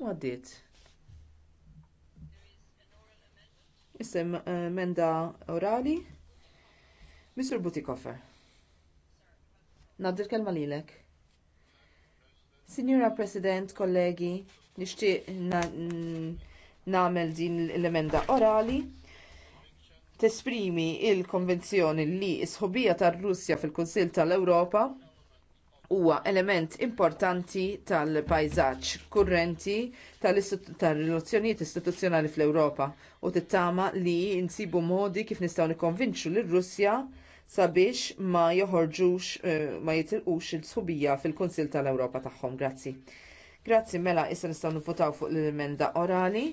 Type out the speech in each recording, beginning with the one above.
U għaddit. Issa emenda orali. Misur Butikoffer. Naddir kelma lilek. Signora President, kollegi, nixtieq nagħmel din l-emenda orali tesprimi l konvenzjoni li s-ħobija tar-Russja fil kunsil tal-Ewropa huwa element importanti tal-pajzaġġ kurrenti tal-relazzjonijiet istituzzjonali fl-Ewropa u tittama li nsibu modi kif nistgħu nikkonvinċu lir russja sabiex ma joħorġux eh, ma jitilqux il-sħubija fil-Kunsil tal-Ewropa tagħhom. Grazzi. Grazzi mela issa nistgħu nivvotaw fuq l-emenda orali.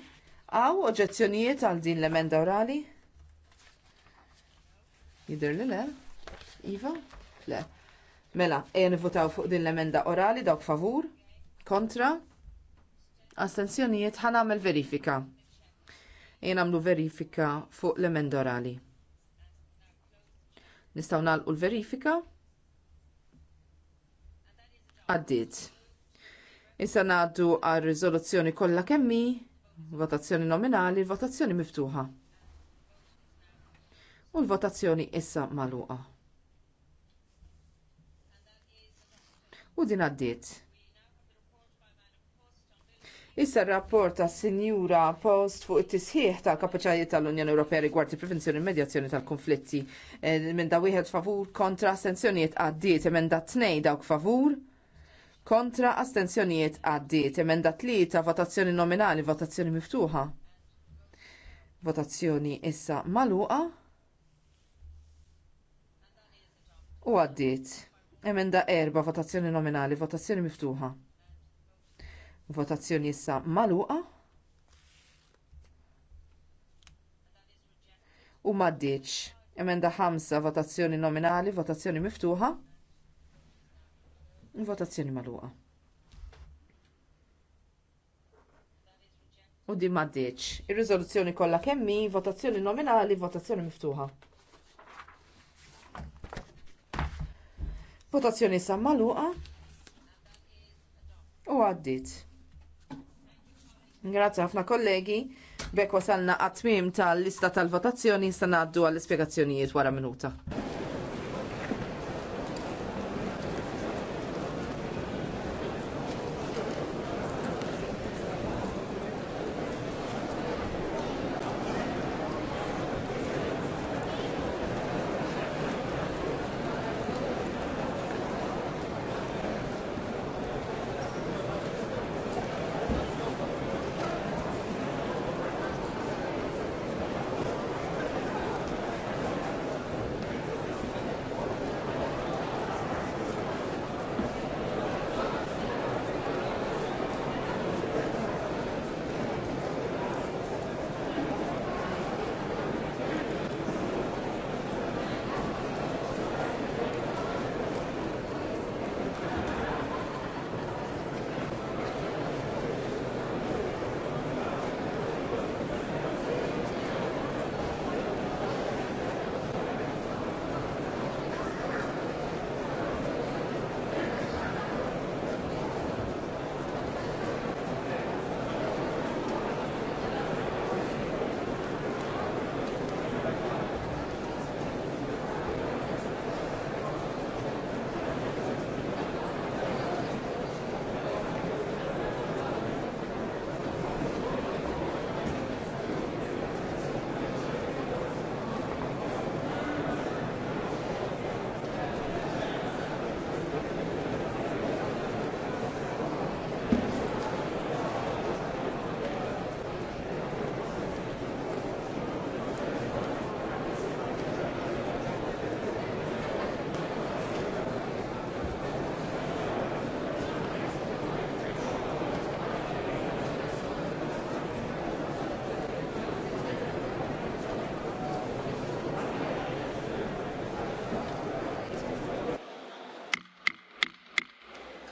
Aw oġġezzjonijiet għal din l-emenda orali? Jidher li le? Iva? Le. Mela, ejja nivvutaw fuq din l-emenda orali dawk favur, kontra, astenzjonijiet, ħanamel verifika. Ejja nagħmlu verifika fuq l-emenda orali. Nistgħu nagħlqu l-verifika. Għaddiet. Issa ngħaddu għal riżoluzzjoni kollha kemmi, votazzjoni nominali, votazzjoni miftuħa. U l-votazzjoni issa magħluqa. u din għaddiet. Issa r-rapport ta' Sinjura Post fuq it-tisħiħ tal kapaċajiet tal-Unjoni Ewropea rigward il-prevenzjoni u medjazzjoni tal-konflitti. Eh, da' wieħed favur kontra astensjonijiet għaddiet, emenda tnej dawk favur kontra astensjonijiet għaddiet, emenda tlieta votazzjoni nominali, votazzjoni miftuħa. Votazzjoni issa magħluqa. u għaddiet. Emenda erba' votazzjoni nominali, votazzjoni miftuħa. Votazzjoni issa magħluqa. U m'għaddiex. Emenda ħamsa, votazzjoni nominali, votazzjoni miftuħa. Votazzjoni magħluqa. U din m'għaddiex. Ir-riżoluzzjoni kollha kemm hi votazzjoni nominali, votazzjoni miftuħa. Votazzjoni sa magħluqa u għaddiet. Grazzi ħafna kollegi. Bekk wasalna għatmim tal-lista tal-votazzjoni, sta ngħaddu għall-ispjegazzjonijiet wara minuta.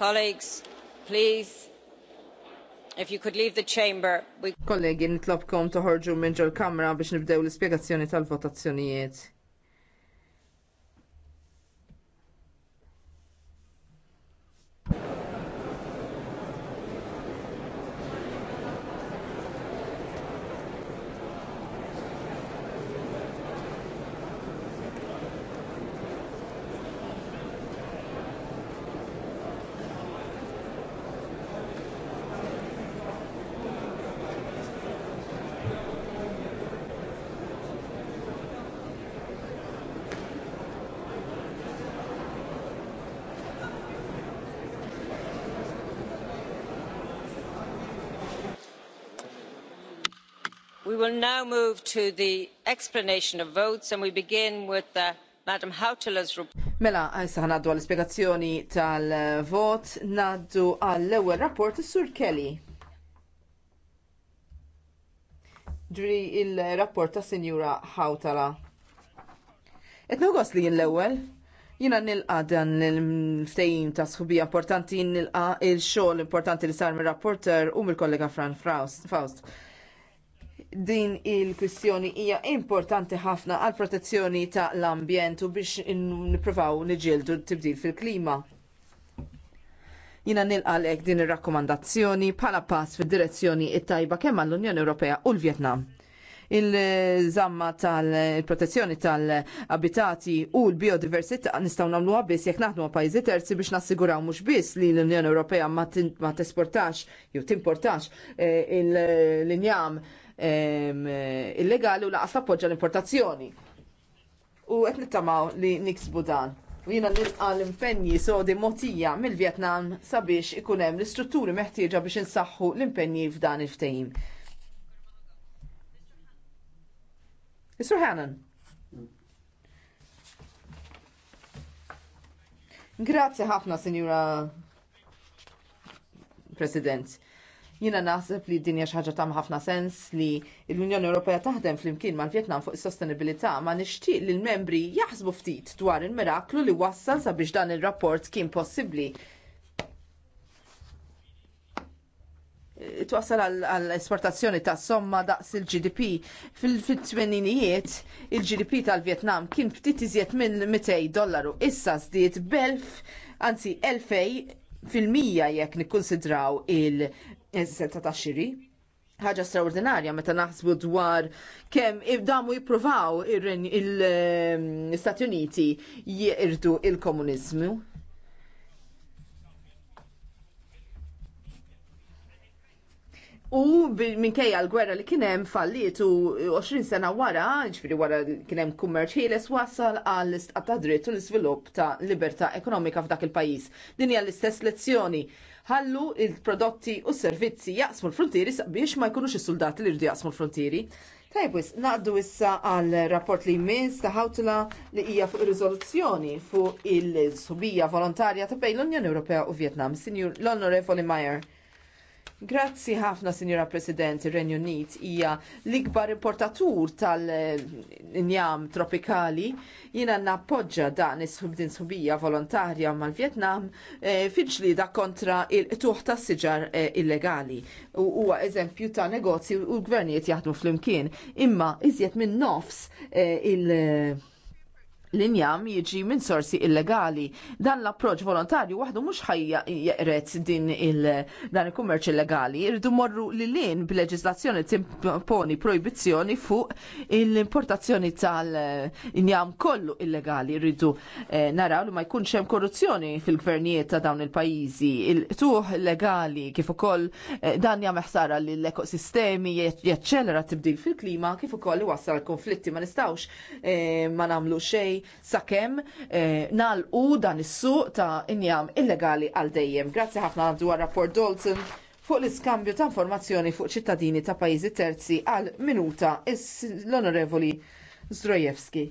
Kollegi, nitlobkom toħorġu minn ġol kamra biex nibdew l-ispjegazzjoni tal-votazzjonijiet. we will now move to the explanation of votes and we begin with the uh, Madam Hautala's report. Mela, għajsa ngħaddu għall ispjegazzjoni tal-vot, naddu għall ewwel rapport is sur Kelly. Ġri il-rapport ta' Sinjura Hautala. Et nogos li l ewwel jina nilqa dan l-ftejim ta' sħubija importanti nilqa il-xol importanti li sar mir-rapporter u mill-kollega Fran Faust din il-kwistjoni hija importanti ħafna għall protezzjoni ta' l-ambjent u biex nippruvaw niġildu tibdil fil-klima. Jina nilqalek din ir-rakkomandazzjoni bħala pass fid-direzzjoni it-tajba kemm għall-Unjoni Ewropea u l-Vjetnam il-żamma tal-protezzjoni tal-abitati u l-biodiversità nistgħu nagħmluha biss jekk naħdmu pajjiżi terzi biex nassiguraw mhux biss li l-Unjoni Ewropea ma tesportax jew timportax eh, l-injam Eh, illegali u laqas appoġġa l-importazzjoni. U qed nittamaw li niksbu dan. U jiena nilqa l-impenji sodi motija mill-Vjetnam sabiex ikun hemm l-istrutturi meħtieġa biex insaħħu l-impenji f'dan il-ftehim. Mr. Hannan. Grazzi ħafna, Signora President. Jiena naħseb li dinja xi ħaġa ta' ħafna sens li l-Unjoni Ewropea taħdem flimkien mal-Vjetnam fuq is-sostenibilità ma nixtieq li l-membri jaħsbu ftit dwar il-miraklu li wassal sabiex dan ir-rapport kien possibbli. Twassal għall-esportazzjoni ta' somma daqs il-GDP. fil fil-fit-twenninijiet il-GDP tal-Vjetnam kien ftit iżjed minn 200 dollaru. Issa zdiet belf, anzi 2000 fil-mija jekk nikkonsidraw il- eżistenza ta' xiri. Ħaġa straordinarja meta naħsbu dwar kemm ibdamu jippruvaw il-Stati Uniti jirdu il-komuniżmu. U minkejja l-gwerra li kienem fallit u 20 sena wara, ġifiri wara li kienem kummerċ ħieles wasal għal ta' dritt u l iżvilupp ta' libertà ekonomika f'dak il-pajis. Din hija l-istess lezzjoni ħallu il-prodotti u s-servizzi jaqsmu l-frontieri biex ma jkunux is-soldati li rridu jaqsmu l-frontieri. Tajbis, naqdu issa għal rapport li jmiss ta' ħawtla li hija fuq rizoluzzjoni fuq il-subija volontarja ta' bejn l-Unjoni Ewropea u Vietnam. Sinjur l-Onorevoli Meyer. Grazzi ħafna, Sinjora President, renju Unit hija l-ikbar importatur tal-injam tropikali. Jiena nappoġġa dan is-subdin subija volontarja mal-Vjetnam eh, fiġli da kontra il-tuħ tas siġar eh, illegali. U huwa eżempju ta' negozju u gvernijiet jaħdmu flimkien. Imma iżjed minn nofs eh, il- l-injam jiġi minn sorsi illegali. Dan l-approċ volontarju waħdu mhux ħajja jeqret din il dan il-kummerċ illegali. Irridu morru li lin bil-leġislazzjoni timponi proibizzjoni fuq l-importazzjoni tal-injam kollu illegali. Irridu eh, naraw li ma jkunx hemm korruzzjoni fil-gvernijiet ta' dawn il-pajjiżi. Il-tuħ legali kif ukoll eh, dan jagħmel ħsara lill-ekosistemi jaċċelera tibdil fil-klima kif ukoll iwassal konflitti ma nistgħux eh, ma nagħmlu xejn sakemm eh, nalqu dan is-suq ta' injam illegali għal dejjem. Grazzi ħafna dwar rapport Dolson fuq l-iskambju ta' informazzjoni fuq ċittadini ta' pajjiżi terzi għal minuta l-Onorevoli Zdrojewski.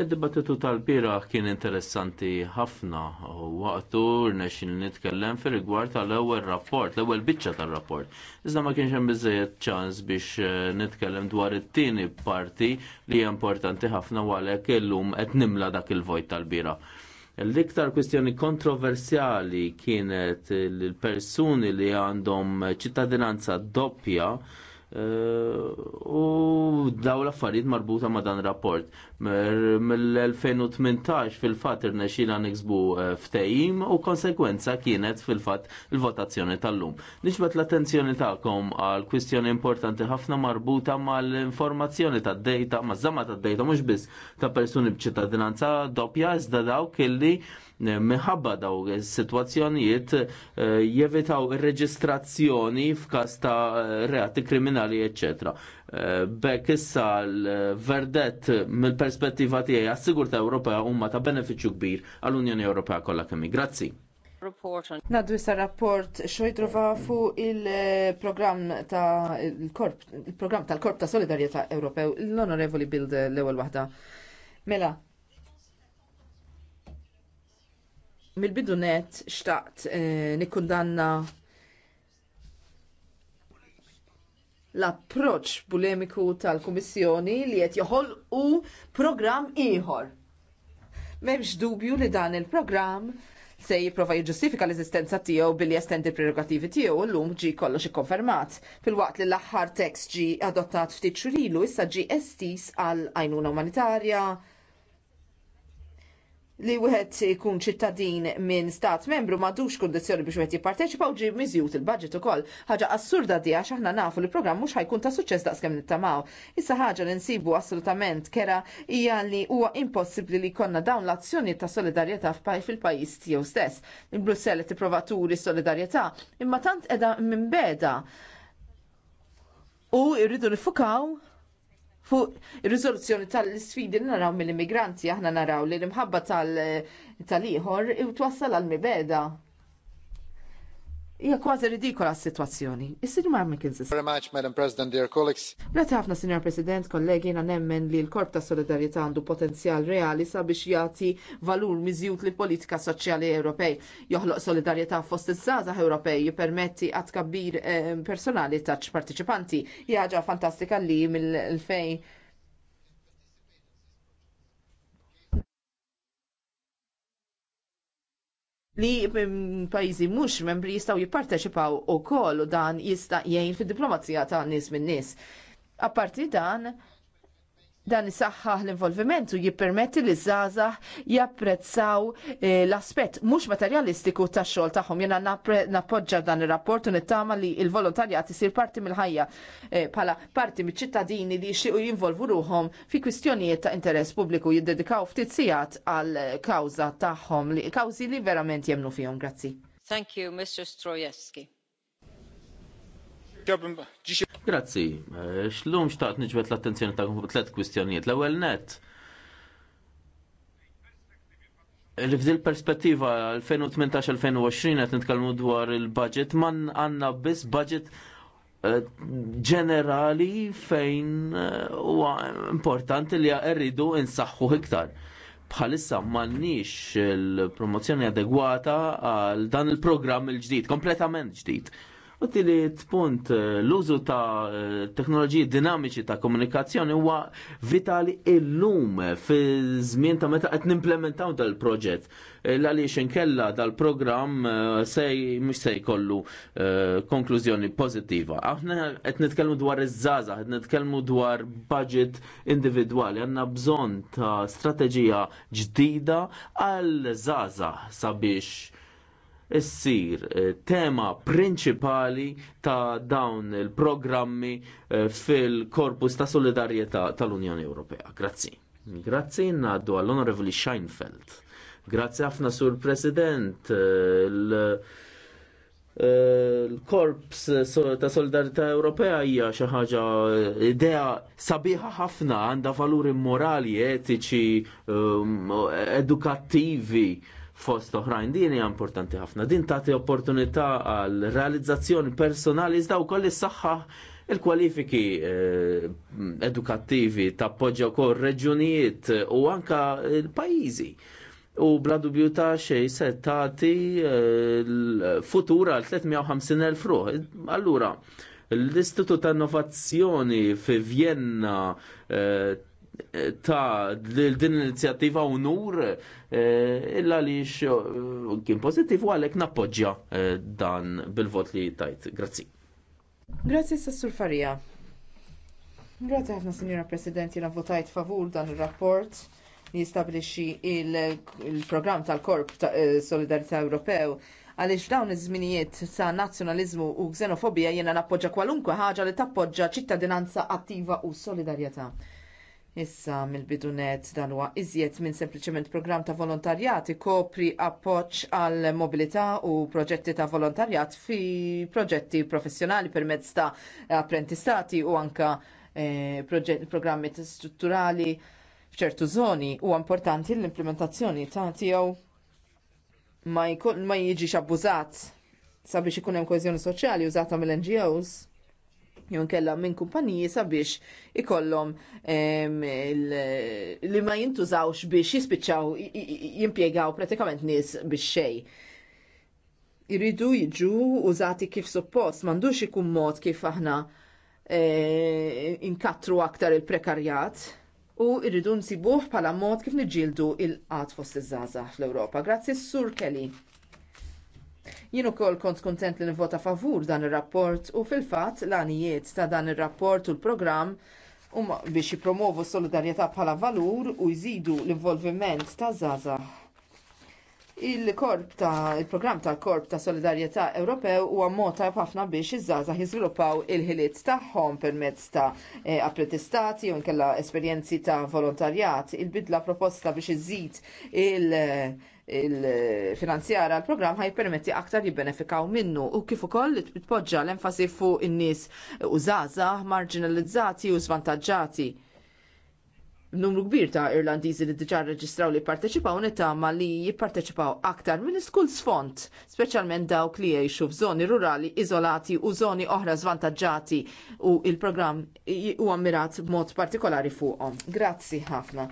Id-dibattitu tal-biraħ kien interessanti ħafna u waqtu rnexin nitkellem fir rigward tal-ewwel rapport, l-ewwel biċċa tar-rapport. Iżda ma kienx hemm biżejjed ċans biex eh, nitkellem dwar it-tieni parti li hija importanti ħafna u għalhekk illum qed nimla dak il-vojt tal bira L-iktar kwistjoni kontroversjali kienet l-persuni li għandhom ċittadinanza doppja Eh, u daw l-affarijiet marbuta ma' dan rapport. Mill-2018 fil-fat irnexxila niksbu eh, ftejim u konsekwenza kienet fil-fat il-votazzjoni tal-lum. Nixbet l-attenzjoni ta'kom għal kwistjoni importanti ħafna marbuta mal-informazzjoni ta' data, ma' zama ta' data mhux biss ta' persuni b'ċittadinanza doppja iżda dawk illi minħabba daw is-sitwazzjonijiet eh, jevitaw il reġistrazzjoni f'każ ta' reati kriminali eċċetera. Eh, B'ek issa l-verdett mill-perspettiva tiegħi għas-sigurtà Ewropea huma ta' benefiċċju kbir għall-Unjoni Ewropea kollha kemm. Grazzi. Naddu issa rapport xojdrova fu il-programm ta' il-korp, il-programm tal-korp ta' solidarieta Ewropew, l-onorevoli Bild l ewel waħda. Mela, mill net xtaqt eh, nikkundanna l-approċ polemiku tal-Kummissjoni li qed joħolqu programm ieħor. M'hemmx dubju li dan il-programm se jipprova jiġġustifika l-eżistenza tiegħu billi jestendi l-prerogativi tiegħu llum ġi kollox ikkonfermat. Fil-waqt li l-aħħar tekst ġi adottat ftit xulilu issa ġi estis għal ajnuna umanitarja, li wieħed ikun ċittadin minn stat membru m'għadux kundizzjoni biex wieħed jipparteċipa u ġie miżjut il-budget ukoll. Ħaġa assurda di għax aħna nafu li programm mhux ħajkun ta' suċċess daqskemm nittamaw. Issa ħaġa li nsibu assolutament kera hija li huwa impossibbli li jkollna dawn l-azzjoni ta' solidarjetà fil-pajjiż tiegħu stess. Il-Brussell qed tipprova turi solidarjetà imma tant qiegħda minn beda. U rridu nifukaw fuq ir tal-sfidi li naraw mill-immigranti aħna naraw li l-imħabba tal-ieħor tal twassal għal mibeda Hija kważi ridikola s-sitwazzjoni. Is-Sinjor McKinsey. Very much, Madam President, dear colleagues. Grazie ħafna, Sinjor President, kollegi, jiena nemmen li l-Korp ta' Solidarjetà għandu potenzjal reali sabiex jagħti valur miżjut li politika soċjali Ewropej. Joħloq solidarjetà fost iż-żgħażagħ Ewropej jippermetti għat kabbir eh, personali taċ partiċipanti. Jaġa fantastika li mill-fejn li pajjiżi mhux membri jistgħu jipparteċipaw ukoll u dan jista' jgħin fid-diplomazija ta' nies min-nies. Apparti dan, dan isaħħaħ l-involviment u jippermetti li żgħażagħ japprezzaw eh, l-aspett mhux materjalistiku tax-xogħol tagħhom. Jiena nappoġġa dan ir-rapport u nittama li l-volontarjat isir parti mill-ħajja eh, bħala parti miċ-ċittadini li jixtiequ jinvolvu ruhom fi kwistjonijiet ta' interess pubbliku jiddedikaw ftit sigħat għal kawża tagħhom li kawżi li verament jemnu fihom. Grazzi. Thank you, Mr. Strojewski. Grazzi, e, xlum xtaqt nġbet l-attenzjoni ta' tlet kwistjonijiet. L-ewel net, F'dil perspettiva 2018-2020 qed nitkellmu dwar il-budget man għanna biss budget e, ġenerali fejn e, huwa importanti li rridu insaħħu iktar. Bħalissa mannix il-promozzjoni adegwata għal dan il-programm il-ġdid, kompletament ġdid. U t punt, eh, l-użu ta' eh, teknoloġiji dinamiċi ta' komunikazzjoni huwa vitali illum fi żmien ta' meta qed nimplementaw dal-proġett. Eh, l-għaliex inkella dal-programm se mhux se jkollu konklużjoni pożittiva. Aħna qed nitkellmu dwar iż-żgħażagħ, qed nitkellmu dwar budget individwali, għandna bżonn ta' strateġija ġdida għal żaza sabiex issir eh, tema prinċipali ta' dawn il-programmi eh, fil-korpus ta' solidarjetà tal-Unjoni Ewropea. Grazzi. Grazzi ngħaddu għall-Onorevoli Scheinfeld. Grazzi ħafna sur President eh, l-korps ta' solidarità Ewropea hija xi ħaġa idea sabiħa ħafna għandha valuri morali, etiċi, ehm, edukattivi fost oħrajn. Din hija importanti ħafna. Din tagħti opportunità għal realizzazzjoni personali iżda wkoll is-saħħa il-kwalifiki eh, edukattivi tappoġġja wkoll reġunijiet eh, u anka pajjiżi. U bla dubju ta' xej se tagħti eh, l-futur għal 350,000 ruħ. Allura, l-Istitut ta' Innovazzjoni fi Vienna eh, ta' din l-inizjattiva unur eh, illa li kien pozittiv u għalek nappoġġja eh, dan bil-vot li tajt. Grazzi. Grazzi, Sassur Farija. Grazzi ħafna, Sinjora Presidenti, la votajt favur dan il-rapport li jistablixxi il-programm tal-Korp ta' eh, Solidarità Ewropew għaliex dawn iż-żminijiet ta' nazzjonaliżmu u xenofobija jiena nappoġġa kwalunkwe ħaġa li tappoġġa ċittadinanza attiva u solidarjetà. Issa mill-bidunet dan huwa iżjed minn sempliċement programm ta' volontarjat ikopri appoġġ għal mobilità u proġetti ta' volontarjat fi proġetti professjonali permezz ta' apprentistati u anka eh, programmi strutturali f'ċertu żoni huwa importanti l-implementazzjoni ta' tiegħu ma, ma jiġix abbużat sabiex ikun hemm koeżjoni soċjali użata mill-NGOs jew kella minn kumpaniji sabiex ikollhom li ma jintużawx biex jispiċċaw jimpjegaw pratikament nies biex xej. Iridu jiġu użati kif suppost, m'għandux ikun mod kif aħna e, inkatru aktar il-prekarjat u irridu nsibuh bħala mod kif nġildu il-qat fost iż-żgħażagħ fl-Ewropa. Grazzi Sur Kelly. Jien ukoll kont kontent li nivvota favur dan ir-rapport u fil-fatt l-għanijiet ta' dan ir-rapport u l-programm um biex jipromovu solidarjetà bħala valur u jżidu l-involviment ta' zaza. Il-korp ta' il-programm tal-Korp ta' Solidarjetà Ewropew huwa mod tajb ħafna biex iż żaza jiżviluppaw il-ħiliet tagħhom permezz ta' eh, apprentistati u nkella esperjenzi ta' volontarjat. Il-bidla proposta biex iżid il-, -il il-finanzjara l program ħaj permetti aktar jibbenefikaw minnu u kif ukoll li tpoġġa l-enfasi fuq in-nies użaza, marginalizzati u zvantaġġati. Numru kbir ta' Irlandiżi li diġà rreġistraw li jipparteċipaw nittama li jipparteċipaw aktar minn iskull sfond, speċjalment dawk li jgħixu f'żoni rurali iżolati u żoni oħra zvantaġġati u il-programm huwa mirat b'mod partikolari fuqhom. Grazzi ħafna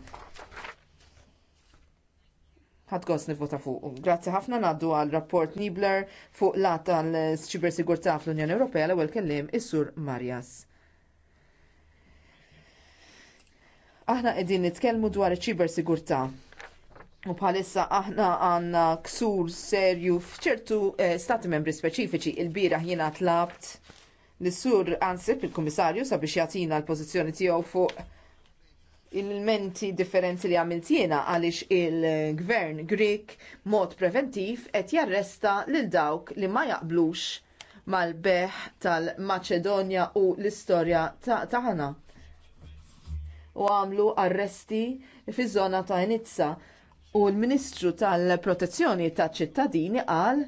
ħad gos nivvota fuq. Grazzi ħafna naddu għal rapport Nibler fuq lat tal ċiber sigurtà fl-Unjoni Ewropea l-ewwel kellim is-Sur Marjas. Aħna qegħdin nitkellmu dwar iċ-ċiber sigurtà. U bħalissa aħna għandna ksur serju f'ċertu eh, stati membri speċifiċi il-bira jiena tlabt l-sur Ansip, il-Kummissarju, sabiex jagħtina l-pożizzjoni tiegħu fuq il-menti differenti li għamilt jiena għaliex il-gvern Grek mod preventiv qed jarresta lil dawk li ma jaqblux mal-beħ tal-Maċedonja u l-istorja tagħna. U għamlu arresti fi żona ta' Nizza u l-Ministru tal-Protezzjoni taċ ċittadini qal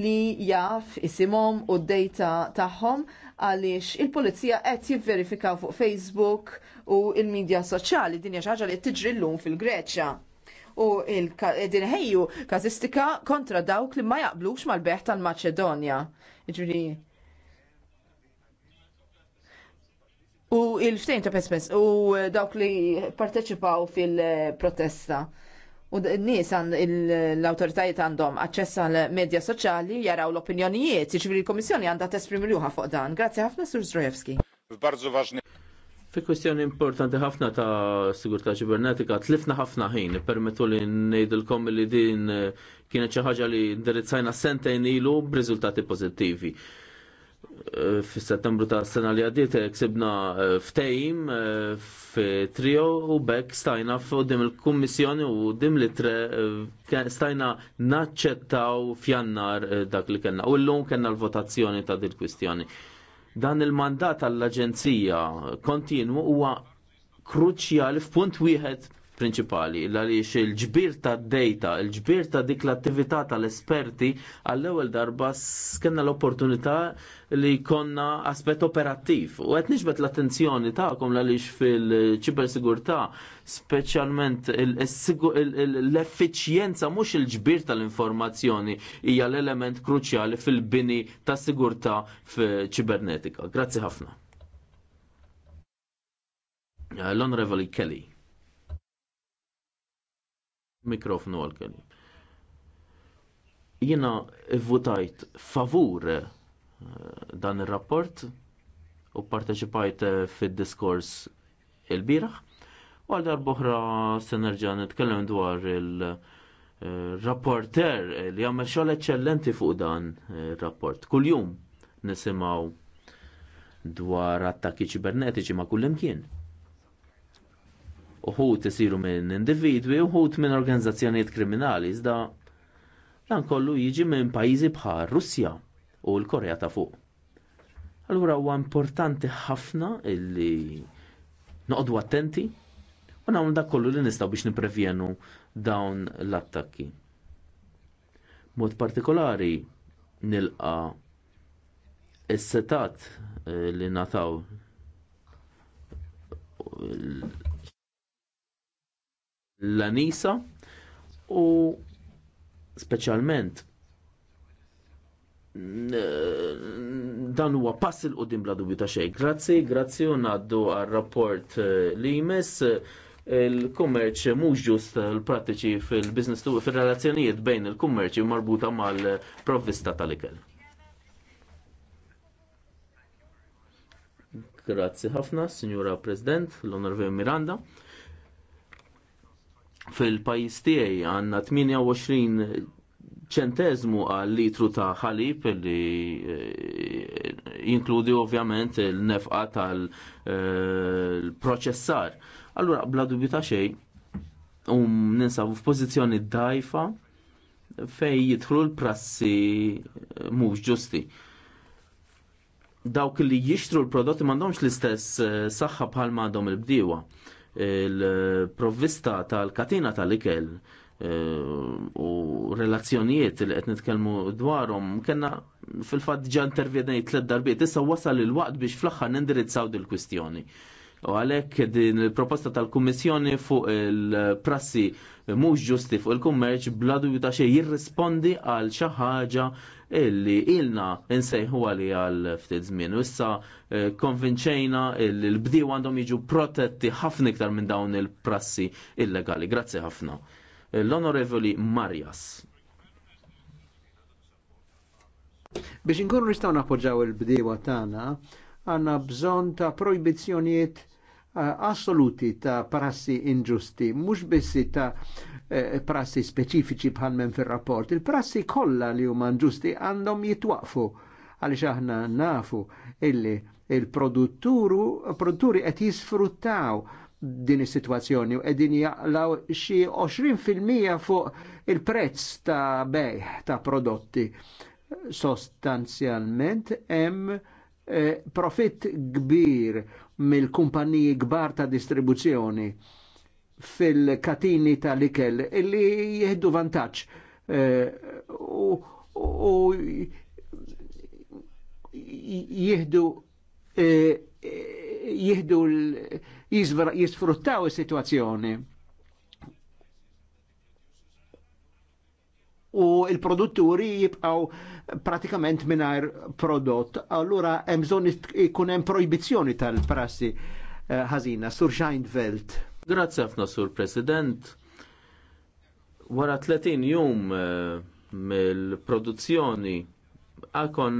li jaf isimhom u d-dejta tagħhom għaliex il-Pulizija qed jivverifikaw fuq Facebook u il-medja soċjali din hija xi ħaġa li tiġri llum fil-Greċja u din ħejju kazistika kontra dawk li ma jaqblux mal-beħ tal-Maċedonja. U il-ftejn ta' pesmes u dawk li parteċipaw fil-protesta. U n-nies l-autoritajiet għandhom aċċess għal medja soċjali jaraw l-opinjonijiet, iġbiri l-Komissjoni għandha t fuq dan. Grazie ħafna, Sur Zdrojewski. Bardzo Fi kwestjoni importanti ħafna ta' sigurtà ċibernetika, tlifna ħafna ħin, permettu li ngħidilkom li din kienet xi ħaġa li indirizzajna sentejn ilu b'riżultati pożittivi. E, Fis-Settembru ta' sena li għaddiet e, ksibna e, ftejim fi trio u bekk stajna f'dim il-Kummissjoni u dim li tre stajna naċċettaw f'jannar dak li kellna. U llum kellna l-votazzjoni ta' din kwistjoni Dan il-mandat għall-Aġenzija kontinwu huwa kruċjali f'punt wieħed prinċipali għaliex il-ġbir ta' data, il-ġbir ta' dik l-attività tal-esperti għall-ewwel darba skenna l-opportunità li konna aspett operattiv. U qed niġbed l-attenzjoni tagħkom għaliex fil-ċibersigurtà speċjalment l-effiċjenza mhux il-ġbir tal-informazzjoni hija l-element kruċjali fil-bini tas sigurtà ċibernetika. Grazzi ħafna. L-Onorevoli Kelly. Mikrofnu għal kelim Jina votajt favur eh, dan il-rapport u parteċipajt eh, fil-diskors il-biraħ u għal darboħra s-senerġa nitkellem dwar il-rapporter eh, li għamel xogħol eċċellenti fuq dan il-rapport. Kuljum nisimgħu dwar attakki ċibernetiċi ma' kullimkien. kien uħut isiru minn individwi, uħut minn organizzazzjonijiet kriminali, iżda dan kollu jiġi minn pajjiżi bħal Russja u l-Korea ta' fuq. Allura huwa importanti ħafna illi noqogħdu attenti u nagħmlu dak kollu li nistgħu biex nipprevjenu dawn l-attakki. Mod partikolari nilqa is-setat eh, li nataw l-anisa u speċjalment dan huwa pass il qudiem bla dubju ta' xejn. Grazzi, grazzi u ngħaddu għar-rapport eh, li jmiss il-kummerċ mhux ġust l-prattiċi fil-business tu fil-relazzjonijiet bejn il-kummerċ marbuta mal-provvista tal-ikel. Grazzi ħafna, Signora President, l-Onorevole Miranda fil-pajis tiegħi għandna 28 ċentezmu għal litru ta' ħalib li eh, jinkludi ovvjament il-nefqa tal-proċessar. Eh, Allura, bla dubita ta' xej, um ninsabu f'pożizzjoni dajfa fej jitħlu l-prassi eh, mhux ġusti. Dawk li jixtru l-prodotti m'għandhomx l-istess saħħa bħal m'għandhom il-bdiewa il-provvista tal-katina tal-ikel eh, u relazzjonijiet li qed nitkellmu dwarhom kellna fil-fatt ġa intervjedejt tliet darbiet issa wasal il-waqt biex fl-aħħar nindirizzaw dil-kwistjoni. U għalek din il-proposta tal-Kummissjoni fuq il-prassi mhux ġusti fuq il-kummerċ bla dubju ta' xejn jirrispondi għal xi ħaġa illi ilna nsejħu għali għal ftit żmien. Issa eh, konvinċejna illi l-bdiew għandhom jiġu protetti ħafna iktar minn dawn il-prassi illegali. Grazzi ħafna. Eh, L-Onorevoli Marjas. Biex inkunu nistgħu nappoġġaw il-bdiewa tagħna, għandna bżonn ta' projbizzjonijiet Eh, assoluti ta' prassi inġusti, mhux bissi ta' eh, prassi speċifiċi bħal men fir-rapport. Il-prassi kollha li huma inġusti għandhom jitwaqfu għaliex aħna nafu illi il-produtturi qed jisfruttaw din is-sitwazzjoni u qegħdin jaqlaw xi 20% fuq il-prezz ta' bejħ ta' prodotti. Sostanzjalment hemm Eh, profitt kbir mill-kumpaniji kbar ta' distribuzzjoni fil-katini tal likel illi jihdu vantaġġ eh, u, jihdu eh, jihdu jisfruttaw is-sitwazzjoni. u il-produtturi jibqaw pratikament minar prodott. Allura hemm ikun hemm projbizzjoni tal-prassi eh, ħażina, Sur Scheinfeld. Grazzi ħafna Sur President. Wara 30 jum eh, mill-produzzjoni għakon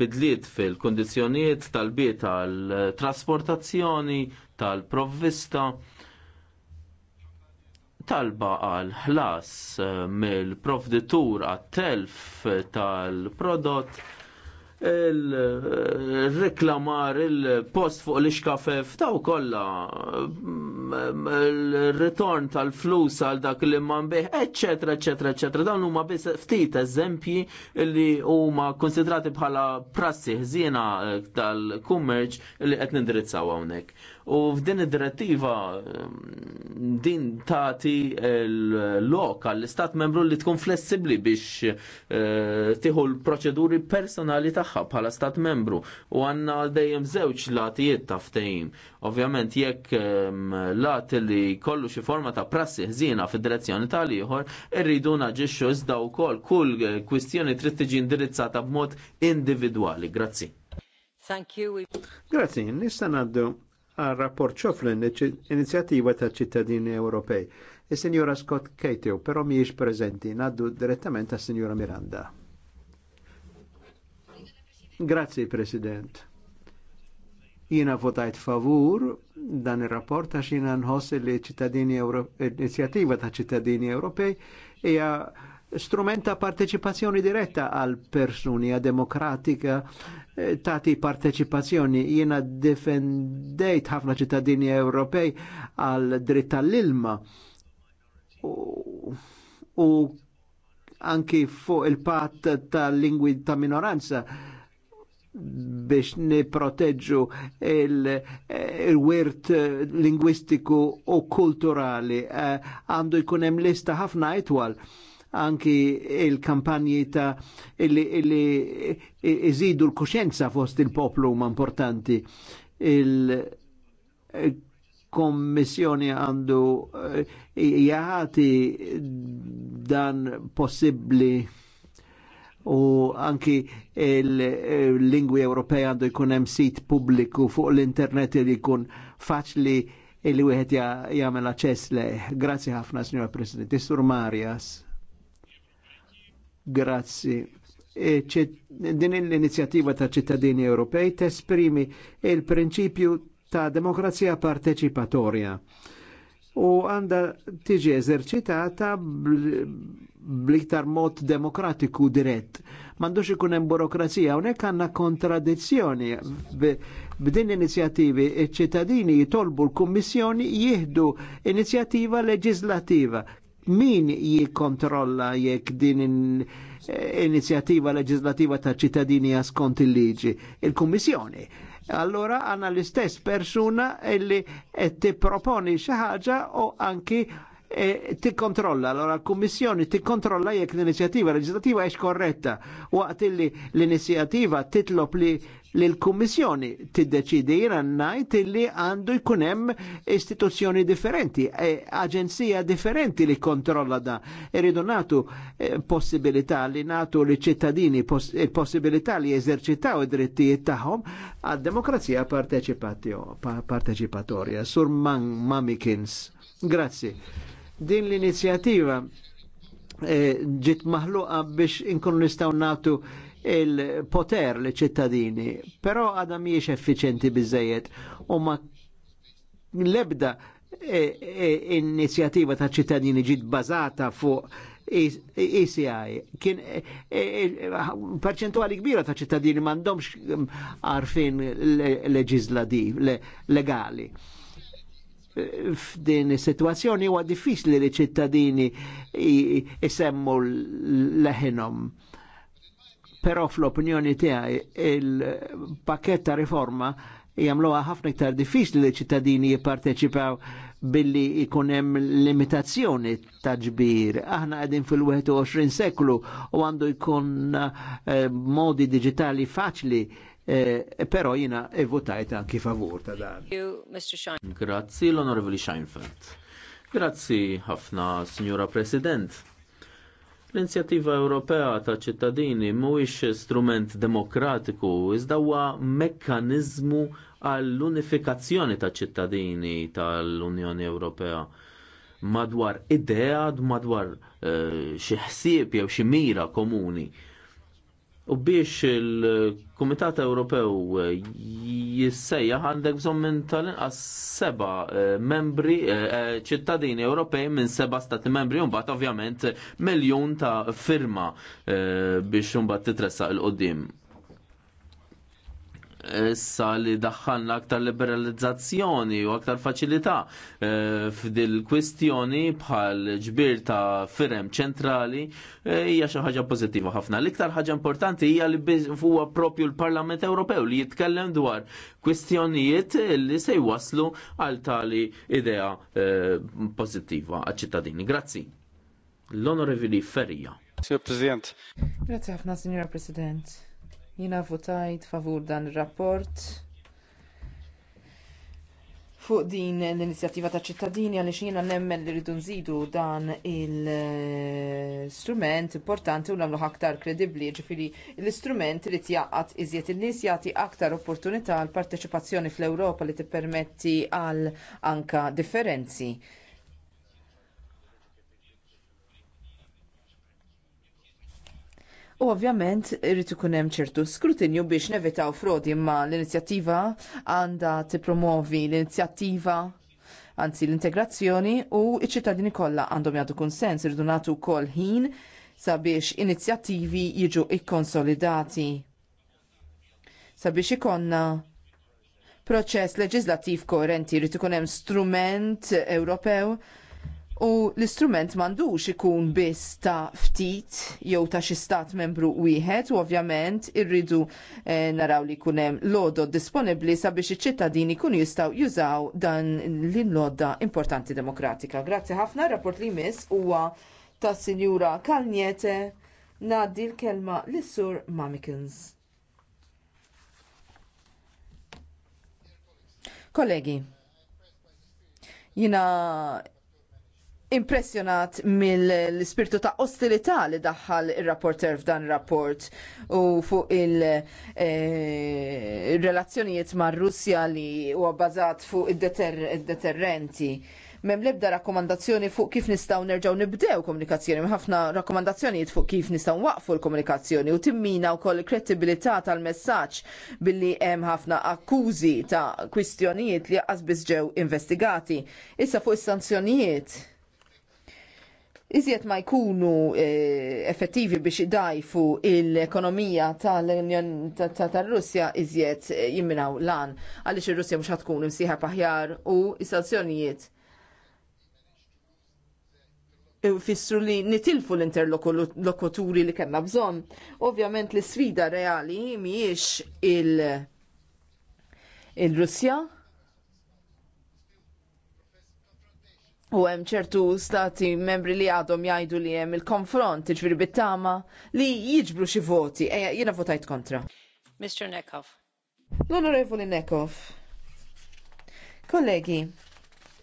bidliet fil-kondizjonijiet tal-biet kondizjoniet tal bieta tal trasportazzjoni tal provvista talba għal ħlas eh, mill-provditur għat-telf tal-prodott il-reklamar il-post fuq l-iskafef taw kolla mm, il-ritorn tal-flus għal dak li man beħ, eccetera, eccetera, eccetera. Dawn huma biss ftit eżempji li huma konsidrati bħala prassi ħżiena eh, tal-kummerċ li qed nindirizzaw hawnhekk. U f'din id-direttiva ehm, din tagħti l loka l istat membru li tkun flessibbli biex eh, tieħu l-proċeduri personali tagħha bħala stat membru u għandna dejjem żewġ latijiet ta' Ovvjament jekk ehm, lat li kollu xi forma ta' prassi ħżiena fid-direzzjoni tal ieħor irridu naġixxu iżda wkoll kull kwistjoni trid tiġi indirizzata b'mod individwali. Grazzi. Thank you. Grazzi, nista' ngħaddu għal rapport ċoflin inizjattiva ta' ċittadini Ewropej. il sinjora Scott Cato, però miex prezenti, naddu direttament ta' Sinjora Miranda. Grazie, President. Jina votajt favur dan il rapport għax jina nħoss li ċittadini Ewropej, inizjattiva ta' ċittadini Ewropej hija e strument ta' parteċipazzjoni diretta għal persuni demokratika eh, tati parteċipazzjoni jiena defendejt ħafna ċittadini Ewropej għal dritt tal-ilma u, anki fuq il-pat tal-lingwi ta' minoranza biex niproteġġu eh, il-wirt lingwistiku u kulturali eh, għandu jkunem lista ħafna itwal anki il-kampanji ta' illi iżidu l kosċenza fost il-poplu ma' importanti. Il-kommissjoni għandu eh, jgħati dan possibli u anki il-lingwi Ewropej għandu jkun hemm sit pubbliku fuq l-internet li jkun faċli li wieħed jagħmel aċċess leh. Grazzi ħafna, Signora President. Istur Marias. Grazzi. E din l-inizjattiva ta' ċittadini Ewropej tesprimi il-prinċipju ta' demokrazija parteċipatorja u għanda tiġi eżerċitata bliktar mod demokratiku dirett. Mandux ikun hemm burokrazija, hawnhekk għandna kontradizzjoni. B'din inizjattivi iċ-ċittadini jitolbu l-Kummissjoni jieħdu inizjattiva leġislativa min jikontrolla jekk din inizjattiva leġislativa ta' ċittadini skont il-liġi? Il-Kummissjoni. Allora għanna l-istess persuna illi ti proponi xaħġa u anki e, kontrolla, allora l-Kummissjoni kontrolla jekk l-inizjattiva leġislativa hiex korretta waqt l'iniziativa l-inizjattiva titlob li l-Kummissjoni tiddeċidi jiena ngħid li għandu jkun istituzzjoni differenti, e, aġenzija differenti li kontrolla da. Irridu e ridonato possibilità li nato li ċittadini il-possibilità e, li jeżerċitaw id-drittijiet tagħhom għad-demokrazija parteċipatorja. Sur Mamikins. Grazie. Din l-inizjattiva eh, ġiet maħluqa biex inkunu nistgħu nagħtu il-poter li ċittadini, però għadha mhijiex effiċenti biżejjed u ma l-ebda eh, eh, inizjattiva ta' ċittadini ġiet bażata fuq ECI. Kien perċentuali kbira ta' ċittadini m'għandhomx mm, għarfin leġislattiv legali f'din is-sitwazzjoni huwa diffiċli li ċittadini isemmu leħinhom. Però fl-opinjoni tiegħi il-pakket ta' riforma jagħmluha ħafna iktar diffiċli li ċittadini jipparteċipaw billi ikun hemm limitazzjoni ta' ġbir. Aħna qegħdin fil-21 seklu u għandu jkun eh, modi digitali faċli Eh, pero jina votajt anki favur ta' dan. Grazzi l-Onorevoli Scheinfeld. Grazzi ħafna, Signora President. L-inzjattiva Ewropea ta' ċittadini mhuwiex strument demokratiku, iżda huwa mekkaniżmu għall-unifikazzjoni ta' ċittadini tal-Unjoni Ewropea madwar idea, madwar eh, xi ħsieb jew xi mira komuni U biex il-Kumitat Ewropew jissejja għandek bżonn minn tal-inqas seba eh, membri eh, eh, ċittadini Ewropej minn seba stati membri u mbagħad ovvjament miljun ta' firma biex mbagħad titressaq il-qudiem issa li daħħalna aktar liberalizzazzjoni u aktar faċilità eh, f'dil kwistjoni bħal ġbir ta' firem ċentrali eh, hija xi ħaġa pożittiva ħafna. L-iktar ħaġa importanti hija li huwa propju l-Parlament Ewropew li jitkellem dwar kwistjonijiet li se jwaslu għal tali idea eh, pożittiva għaċ-ċittadini. Grazzi. L-Onorevoli Ferija. Signor President. Grazie ħafna, Signora President Jiena votajt favur dan ir-rapport fuq din l-inizjattiva ta' ċittadini għaliex jiena nemmen li rridu nżidu dan il-strument importanti u nagħmlu aktar kredibbli, ġifieri l-istrument li tjaqat iżjed in-nies jagħti aktar opportunità għal parteċipazzjoni fl-Ewropa li tippermetti għal anka differenzi U ovvjament irrid ikun hemm ċertu skrutinju biex nevitaw frodi imma l-inizjattiva għandha tippromovi l-inizjattiva anzi l-integrazzjoni u iċ-ċittadini kollha għandhom jagħtu kunsens irridu nagħtu wkoll ħin sabiex inizjattivi jiġu ikkonsolidati. Sabiex ikonna proċess leġislattiv koerenti jrid ikun hemm strument Ewropew U l-istrument mandux ikun biss ta' ftit jew ta' xi stat membru wieħed u ovvjament irridu eh, naraw li jkun hemm lodod disponibbli sabiex iċ-ċittadini kunu jistgħu jużaw dan l-lodda importanti demokratika. Grazzi ħafna, rapport li miss huwa tas Sinjura Kalniete ngħaddi l-kelma lis-Sur Mamikins. Kollegi, jina impressjonat mill-spirtu ta' ostilità li daħħal il-rapporter f'dan rapport u fuq il-relazzjonijiet eh, ma' Russja li huwa bbażat fuq id-deterrenti. Mem lebda rakkomandazzjoni fuq kif nistaw nerġaw nibdew komunikazzjoni, ħafna rakkomandazzjonijiet fuq kif nistaw waqfu l-komunikazzjoni u timmina u koll kredibilità tal-messaġġ billi hemm ħafna akkużi ta' kwistjonijiet li biss ġew investigati. Issa fuq is-sanzjonijiet iżjed ma jkunu eh, effettivi biex dajfu l-ekonomija tal-Russja iżjed eh, jimminaw lan għaliex ir-Russja mhux ħatkun imsieħab aħjar u s-sanzjonijiet fissru li nitilfu l-interlokuturi li kellna bżonn. Ovvjament l isfida reali mhijiex il-Russja il russja U hemm ċertu stati membri li għadhom jgħidu li hemm il-konfront, ġifieri bit-tama li jiġbru xi voti. Ejja, jiena votajt kontra. Mr. Nekov. L-Onorevoli Nekov. Kollegi,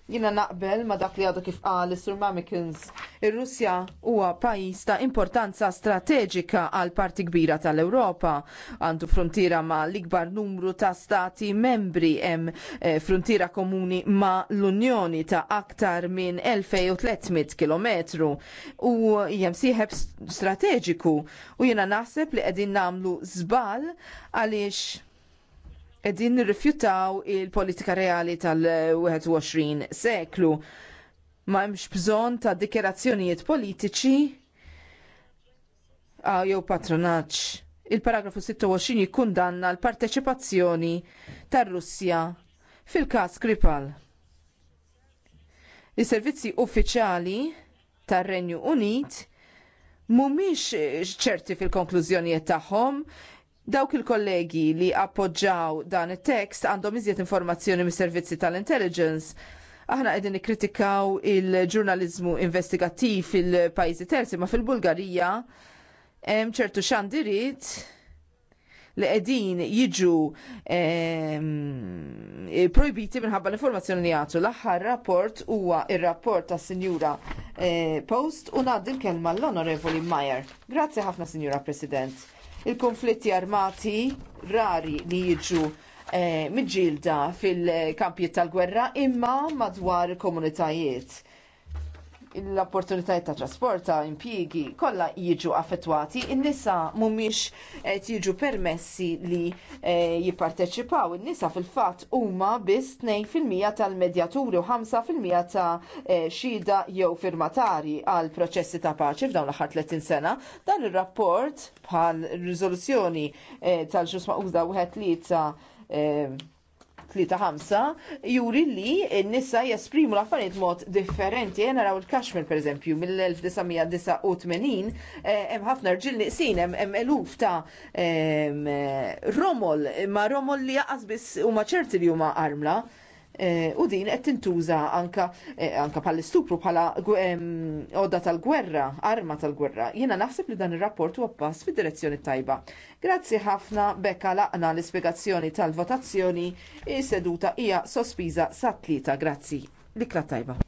Jiena naqbel ma dak li għadu kif qal is-Sur Mamikins. Ir-Russja huwa pajjiż ta' importanza strateġika għal parti kbira tal-Ewropa. Għandu frontiera ma' l-ikbar numru ta' stati membri hemm eh, frontiera komuni ma' l-Unjoni ta' aktar minn 2300 km u jem sieħeb strateġiku u jiena naħseb li qegħdin nagħmlu żball għaliex qegħdin nirrifjutaw il-politika reali tal-21 seklu. Ma hemmx bżonn ta' dikjerazzjonijiet politiċi għaw ah, jew patronaġġ. Il-paragrafu 26 jikkundanna l-parteċipazzjoni tar-Russja fil-każ Kripal. Is-servizzi uffiċjali tar-Renju Unit mhumiex ċerti fil-konklużjonijiet tagħhom Dawk il-kollegi li appoġġaw dan it-tekst għandhom iżjed informazzjoni mis servizzi tal-intelligence. Aħna qegħdin nikkritikaw il-ġurnaliżmu investigattiv fil-pajjiżi terzi, ma fil-Bulgarija hemm ċertu xandiriet li qegħdin jiġu ehm, projbiti minħabba l-informazzjoni li jagħtu. L-aħħar rapport huwa ir-rapport tas Sinjura eh, Post u ngħaddi l-kelma l-Onorevoli Majer. Grazzi ħafna Sinjura President Il-konflitti armati rari li jiġu eh, miġilda fil-kampijiet tal-gwerra imma madwar komunitajiet l-opportunitajiet ta' trasport, ta' impjiegi, kollha jiġu affettwati, in-nisa mhumiex qed jiġu permessi li eh, jipparteċipaw. In-nisa fil-fatt huma biss 2% tal-medjaturi u 5% ta' eh, xhieda jew firmatari għal proċessi ta' paċi f'dawn l-aħħar 30 sena. Dan ir-rapport bħal riżoluzzjoni eh, tal-ġusma użda wieħed li ta' 3-5 juri li n-nisa jesprimu laffariet mod differenti. Jena raw il-Kashmir per eżempju mill-1989 eh, hemm ħafna rġil niqsin hemm eluf ta' romol ma' romol li jaqas biss huma ċerti li huma armla Eh, u din qed tintuża anka eh, anka bħal istupru bħala għodda tal-gwerra, arma tal-gwerra. Jiena naħseb li dan ir-rapport huwa pass fid-direzzjoni tajba. Grazzi ħafna bekka laqna l-ispjegazzjoni tal-votazzjoni seduta hija sospiża sa tlieta. Grazzi. Dikla tajba.